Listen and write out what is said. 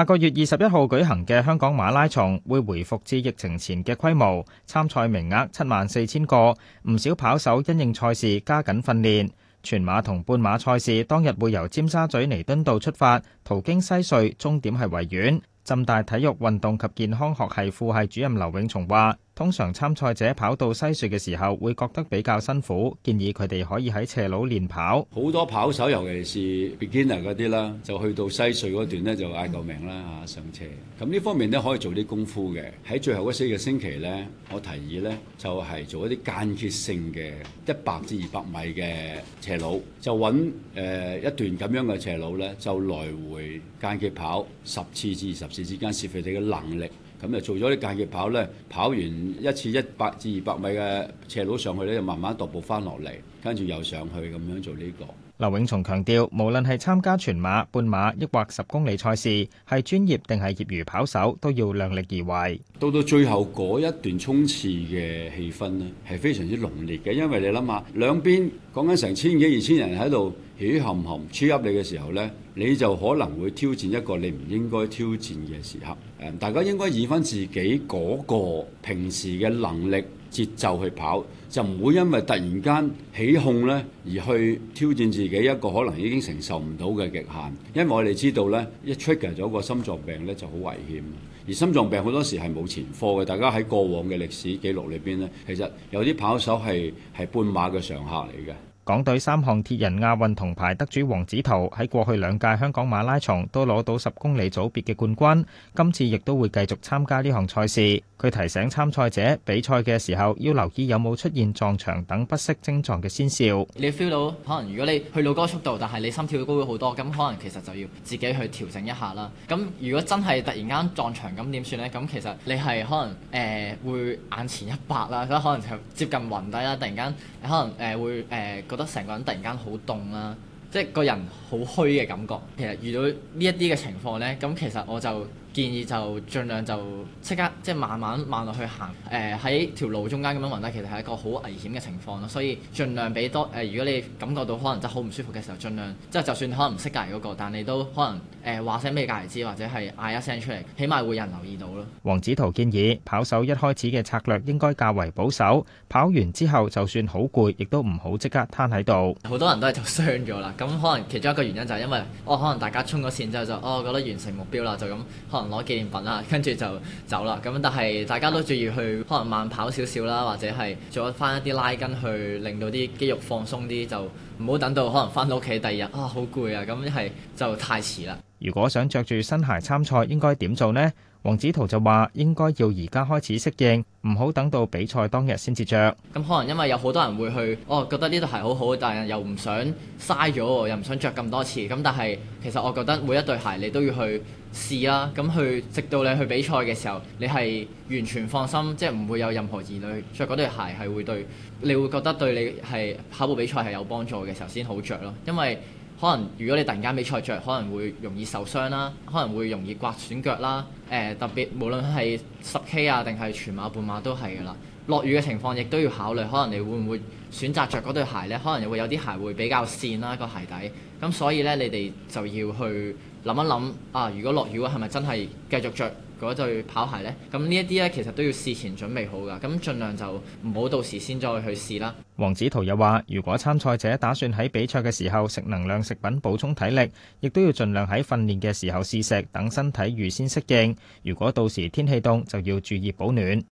下個月二十一號舉行嘅香港馬拉松會回復至疫情前嘅規模，參賽名額七萬四千個，唔少跑手因應賽事加緊訓練。全馬同半馬賽事當日會由尖沙咀彌敦道出發，途經西隧，終點係維園。浸大體育運動及健康學系副系主任劉永松話。通常參賽者跑到西隧嘅時候會覺得比較辛苦，建議佢哋可以喺斜路練跑。好多跑手，尤其是 beginner 嗰啲啦，就去到西隧嗰段咧就嗌救命啦嚇上斜，咁呢方面咧可以做啲功夫嘅。喺最後嗰四個星期咧，我提議咧就係、是、做一啲間歇性嘅一百至二百米嘅斜路，就揾誒、呃、一段咁樣嘅斜路咧就來回間歇跑十次至二十次之間，試佢哋嘅能力。咁就做咗啲間歇跑咧，跑完一次一百至二百米嘅斜路上去咧，就慢慢踱步翻落嚟，跟住又上去咁樣做呢個。劉永松強調，無論係參加全馬、半馬，抑或十公里賽事，係專業定係業餘跑手，都要量力而為。到到最後嗰一段衝刺嘅氣氛呢，係非常之濃烈嘅，因為你諗下，兩邊講緊成千幾、二千人喺度起含含超 up 你嘅時候呢，你就可能會挑戰一個你唔應該挑戰嘅時刻。誒，大家應該以翻自己嗰個平時嘅能力。節奏去跑，就唔會因為突然間起鬨呢而去挑戰自己一個可能已經承受唔到嘅極限。因為我哋知道呢，一 trigger 咗個心臟病呢就好危險。而心臟病好多時係冇前科嘅，大家喺過往嘅歷史記錄裏邊呢，其實有啲跑手係係半馬嘅常客嚟嘅。港隊三項鐵人亞運銅牌得主黃子圖喺過去兩屆香港馬拉松都攞到十公里組別嘅冠軍，今次亦都會繼續參加呢項賽事。佢提醒參賽者比賽嘅時候要留意有冇出現撞牆等不適徵狀嘅先兆。你 feel 到，可能如果你去到嗰個速度，但係你心跳高咗好多，咁可能其實就要自己去調整一下啦。咁如果真係突然間撞牆，咁點算呢？咁其實你係可能誒會眼前一白啦，或者可能就接近暈低啦。突然間你可能誒會誒。覺得成個人突然間好凍啦，即係個人好虛嘅感覺。其實遇到呢一啲嘅情況咧，咁其實我就～建議就盡量就即刻，即係慢慢慢落去行。誒、呃、喺條路中間咁樣暈低，其實係一個好危險嘅情況咯。所以盡量俾多誒、呃，如果你感覺到可能真係好唔舒服嘅時候，盡量即係就算可能唔識隔離嗰、嗰個，但你都可能誒、呃、話聲俾隔離知，或者係嗌一聲出嚟，起碼會有人留意到咯。黃子圖建議跑手一開始嘅策略應該較為保守，跑完之後就算好攰，亦都唔好即刻攤喺度。好多人都係就傷咗啦。咁可能其中一個原因就係因為哦，可能大家衝咗線之後就哦覺得完成目標啦，就咁可能。攞紀念品啦，跟住就走啦。咁但係大家都注意去，可能慢跑少少啦，或者係做翻一啲拉筋去，去令到啲肌肉放鬆啲，就唔好等到可能翻到屋企第二日啊，好攰啊，咁係就太遲啦。如果想着住新鞋參賽應該點做呢？黃子圖就話：應該要而家開始適應，唔好等到比賽當日先至着。咁可能因為有好多人會去，我、哦、覺得呢對鞋好好，但係又唔想嘥咗，又唔想着咁多次。咁但係其實我覺得每一對鞋你都要去試啦，咁去直到你去比賽嘅時候，你係完全放心，即係唔會有任何疑慮，着嗰對鞋係會對你會覺得對你係跑步比賽係有幫助嘅時候先好着咯，因為。可能如果你突然間比賽著，可能會容易受傷啦，可能會容易刮損腳啦。誒特別，無論係十 K 啊，定係全馬、半馬都係㗎啦。落雨嘅情況，亦都要考慮，可能你會唔會選擇着嗰對鞋呢？可能又會有啲鞋會比較跣啦，個鞋底。咁所以呢，你哋就要去諗一諗啊。如果落雨嘅話，係咪真係繼續着嗰對跑鞋呢？咁呢一啲呢，其實都要事前準備好㗎。咁盡量就唔好到時先再去試啦。黃子圖又話，如果參賽者打算喺比賽嘅時候食能量食品補充體力，亦都要盡量喺訓練嘅時候試食，等身體預先適應。如果到時天氣凍，就要注意保暖。